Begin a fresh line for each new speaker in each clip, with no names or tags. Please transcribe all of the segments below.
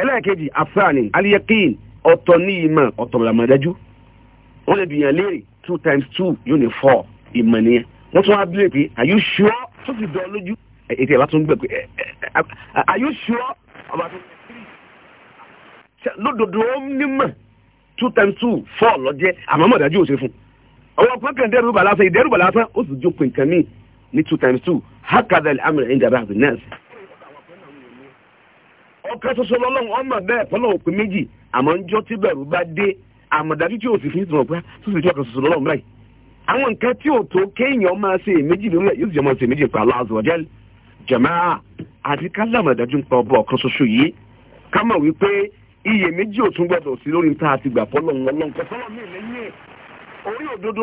ẹlẹ́ẹ̀kejì afrani aliyakin ọ̀tọ̀ ní ìmọ̀ ọ̀tọ̀ làmọ̀dájú wọ́n lè bìyàn léèrè two times two yóò ní four ìmọ̀ nìyẹn wọ́n tún wá bílẹ̀ pé are you sure tó fi dán lójú ètò ìbá tún gbẹ pé are you sure ọba tó lódodo ó nímọ̀ two times two four lọ́jẹ́ àmọ́ mọ̀dájú ò ṣe fún ọwọ́ pẹ́kàn dẹ́rùbà lásán ìdẹ́rùbà lásán ó sì jókòó nǹkan míì ní two times two hakadal amr inda ba'd an-nas ọ̀kan ṣoṣo lọ́lọ́run ọmọ bẹ́ẹ̀ fọlọ òpin méjì àmọ́ njọ́ tí bẹ̀rù bá dé àmọ̀dájú tí òsì fi ń sọ̀rọ̀ pé sọ̀rọ̀ tí ọ̀kan ṣoṣo báyìí àwọn nǹkan tí ò tó kéèyàn máa ṣe èméjì lórí ẹ̀ yóò sì máa ṣe èméjì àti ká ṣoṣo yìí ká wípé ò tún gbọdọ sí lórí gbà mi orí òdodo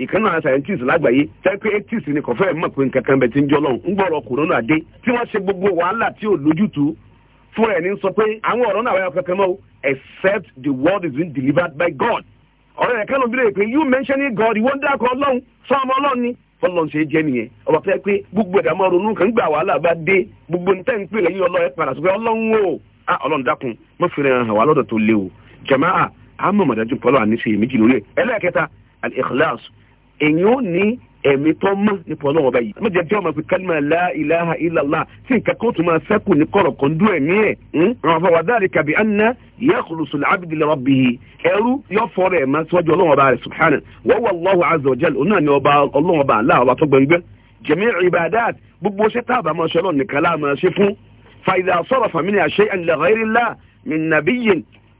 ìkan náà scientist lágbàáyé tẹ́pé eighties ni kò fẹ́ẹ́ mọ̀ pé nǹkan bẹ̀ ti ń jọ lọ́hùn ń gbọ́rọ̀ kòrónà dé tí wọ́n ṣe gbogbo wàhálà tí ò lójútùú fún ẹ̀ ní sọ pé àwọn ọ̀rọ̀ náà wáyà kankan mọ́ except the word is being delivered by God ọ̀rọ̀ yẹn kánú bílẹ̀ pé you mentioning God ìwọ́n dákọ̀ ọlọ́run sọ ọmọ ọlọ́run ni fọlọ́n ṣe jẹ́ nìyẹn ọba pẹ́ pé gbogbo ẹ̀dá máa ronú kan gbà wàhálà bá dé gbogbo nǹkan ń pè lẹ́yìn ọlọ́run ẹ̀ padà sọ pé ọlọ́run o ah ọlọ́run dákun mọ́ fi rẹ̀ hàn wá lọ́dọ̀ tó léwu jẹ̀máà àmọ́ mọ̀dájú pọ́lọ́ àníṣe èméjì lórí ẹ̀ ẹlẹ́ẹ̀kẹta al-ikhlas èyí ò ní ẹ̀mí tó mọ̀ nípa ọlọ́wọ́ báyìí. ẹ má jẹ́ jẹ́ ọmọ pé kálímà la ilaha illallah tí nǹkan kan tó máa sẹ́kù ní kọ̀rọ̀ kan dún ẹ̀mí ẹ̀. àwọn afọ wa dhalika bi anna yakhlusu al-abdu li rabbihi ẹrú yọ fọrọ ẹ̀ máa sọ́jọ́ ọlọ́wọ́ bá rẹ̀ subhana wa wallahu azza wa jalla ni ọba ọlọ́wọ́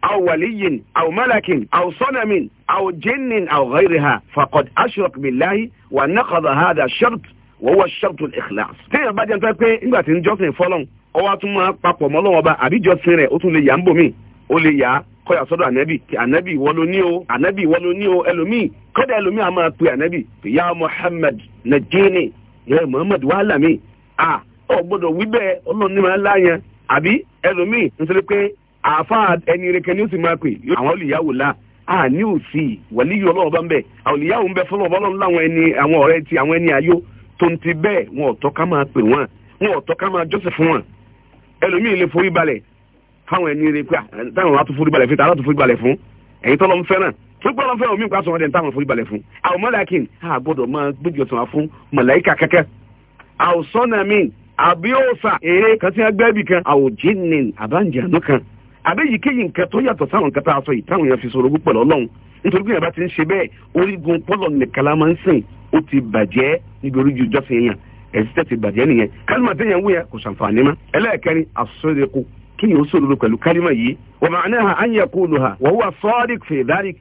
أو ولي أو ملك أو صنم أو جن أو غيرها فقد أشرك بالله ونقض هذا الشرط وهو الشرط الإخلاص téèyàn bá jẹ́ nípa pé nígbà tí ń jọ́sìn fọ́lọ́n ó wá tún máa papọ̀ mọ́ Ọlọ́run Ọba àbí jọ́sìn rẹ̀ ó tún lè yà ń bòmí ó lè yà á kọ́yà sọ́dọ̀ ànábì kí ànábì ìwọ ló ní o ànábì ìwọ ló ní o ẹlòmíì kọ́dà ẹlòmíì a máa pe ànábì ya Muhammad najini ya Muhammad wàhálà mi à ọ gbọ́dọ̀ wí bẹ́ẹ̀ Ọlọ́run ní máa láyẹn àbí ẹlòmíì nítorí pé àáfàá ẹni rẹkẹ ní ó sì máa pè àwọn olùyàwó la a ní òsì wẹ̀lí yìí ọlọ́wọ́ bá ń bẹ̀ àwọn olùyàwó ń bẹ fún ọlọ́wọ́ lọ́nà láwọn ẹni àwọn ọ̀rẹ́ ti àwọn ẹni ayó tó ń ti bẹ́ẹ̀ wọn ò tọ́ ká máa pè wọ́n wọn ò tọ́ ká máa jọ́sìn fún wọn ẹlòmíì lè forí balẹ̀ fáwọn ẹni rẹ pé táwọn wà tó forí balẹ̀ fún táwọn tó forí balẹ̀ fún ẹ̀yin tọ́lọ́ ń fẹ́ràn fúnpẹ́ lọ́n fẹ́ràn àbẹ́yìíkéyìí nǹkan tó yàtọ̀ sáwọn nǹkan tá a sọ yìí táwọn èèyàn fi sọ̀rọ̀ ogún pẹ̀lú ọlọ́run nítorí pé yàrá ti ń ṣe bẹ́ẹ̀ orígun pọ́lọ̀ nìkan la máa ń sìn ó ti bàjẹ́ níbi orígun ìjọsìn èèyàn ẹ̀sìn tẹ̀ ti bàjẹ́ nìyẹn kálímà téèyàn wúyẹ kò ṣàǹfààní mọ́ ẹlẹ́ẹ̀kẹrin àsọdẹ́kù kíyàn ó sòdodo pẹ̀lú kálímà yìí wọ́n máa náà á ń yẹ kó lò wọ́n wà sọ́ọ́dìk fèdárìk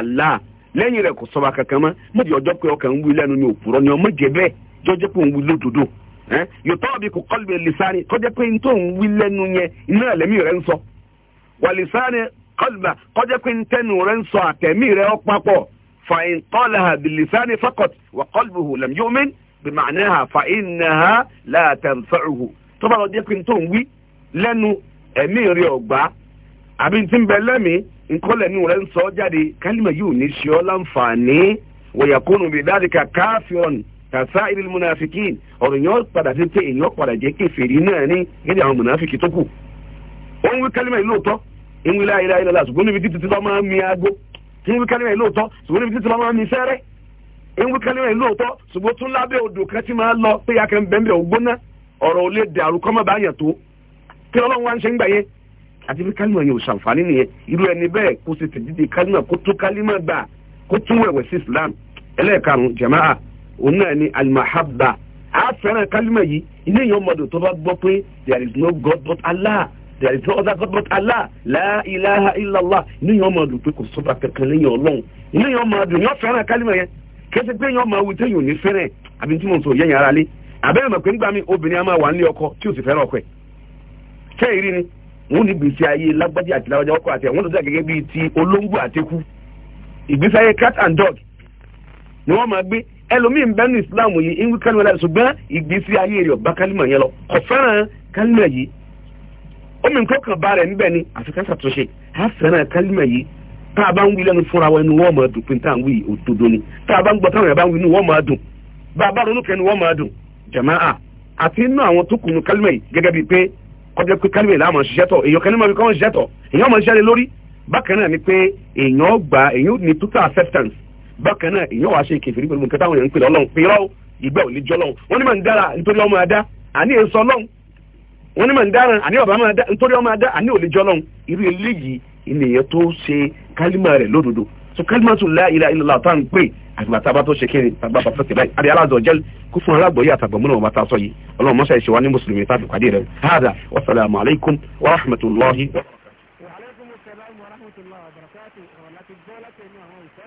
Allah lẹ́yìn rẹ̀ kò sọ́ba kankan mọ́ mọ́jì ọjọ́ pé ọkàn ni ọmọ jẹ tó jẹ́ pé òun wí lódodo yòtọ́ bí kò kọ́lù bẹ̀ lìsáni tó jẹ́ pé tó ń wí lẹ́nu yẹn iná lẹ́mí rẹ̀ ń sọ wà lìsáni kọ́lùbà tó jẹ́ pé tẹ́nu rẹ̀ ń sọ àtẹ̀mí rẹ̀ ọ papọ̀ fàyín kọ́lá bí lìsáni fakọ̀t wà kọ́lù hù lẹ́m yóò mí bí màánà hà fàyín nà hà látẹ̀nfẹ́ hù tó bá lọ jẹ́ pé tó ń wí lẹ́nu ẹ̀mí rẹ̀ ọ̀gbá àbí tí ń bẹ lẹ́mí nkọ́lẹ̀nu rẹ̀ ń sọ jáde kálímà kàtà ìlú munafikin ọ̀rọ̀ yẹn padà sí pé èyàn padà jẹ́ kèfèrí náà ní gẹ́gẹ́ àwọn munafiki tó kù ó ń wí kálímà yìí lóòótọ́ ń wí láyé láyé lọ́la ṣùgbọ́n níbi títí lọ́ máa ń mi aago ń wí kálímà yìí lóòótọ́ ṣùgbọ́n níbi títí lọ́ máa ń mi fẹ́rẹ́ ń wí kálímà yìí lóòótọ́ ṣùgbọ́n tún lábẹ́ odò kan tí máa lọ pé yàkẹ́ ń bẹ́ńbẹ́ ògbóná ọ̀rọ̀ olè dàrú bẹ́ẹ̀ kó ṣe tẹ̀dídì òun náà ni almahabba a fẹ́ràn kalima yìí ilé yẹn ọmọdé tó bá gbọ́ pé there is no God but Allah there is no other God but Allah la ilaha illallah ilé yẹn ọmọdé pé kò sọ́ba kankan lẹ́yìn ọlọ́run ilé yẹn ọmọdé yẹn fẹ́ràn kalima yẹn kẹsẹ̀ pé yẹn ọmọdé tẹ̀yìn ò ní fẹ́rẹ̀ àbí tí mo sọ yẹn yàrá lé àbẹ́rẹ́ mọ̀ pé nígbà mi obìnrin a máa wà nílé ọkọ tí ò sì fẹ́ràn ọkọ wọ́n ní gbèsè ayé lágbájá àti lágbájá àti àwọn gẹ́gẹ́ ẹlòmíì ń bẹ́nu islam yìí ń wí kálímà láti ṣùgbọ́n ìgbésí ayé rẹ̀ ọ̀bá kálímà yẹn lọ kò fẹ́ràn kálímà yìí omi nǹkan kan bá rẹ̀ níbẹ̀ ni àfi ká ṣàtúnṣe á fẹ́ràn kálímà yìí tá a bá ń wí lẹ́nu fúnra wa inú wọ́n máa dùn pé tá à ń wí òdodo ni tá a bá ń gbọ́ táwọn yẹn bá ń wí inú wọ́n máa dùn bá a bá ronú kẹ́ni wọ́n máa dùn jàmáà àti inú àwọn tó kùnú kálímà yìí gẹ́gẹ́ bíi pé kọjá pé kálímà yìí láwọn ṣiṣẹ́ tọ̀ èèyàn kálímà yìí kọ́ wọn ṣiṣẹ́ tọ̀ èèyàn máa ṣiṣẹ́ lórí bákan náà ni pé èèyàn gbà èèyàn ní total acceptance bákan náà ìyẹn wàá ṣe kẹfìrí pẹ̀lú nǹkan táwọn èèyàn ń pè lọ́lọ́run pé irọ́ ìgbà ò lè jọ́ lọ́run wọ́n ní mà ń dára nítorí ọmọ adá àní èso lọ́run wọ́n ní mà ń dára àní ọ̀bà máa dá nítorí ọmọ adá àní ò jọ́ lọ́run irú eléyìí ènìyàn tó ṣe kálímà rẹ̀ lódodo so kálímà tó la ilaha illallah tá ń pè àgbà tábà tó ṣe kiri àgbà bàtà tẹ̀lé àdé aláàzọ̀ jẹ́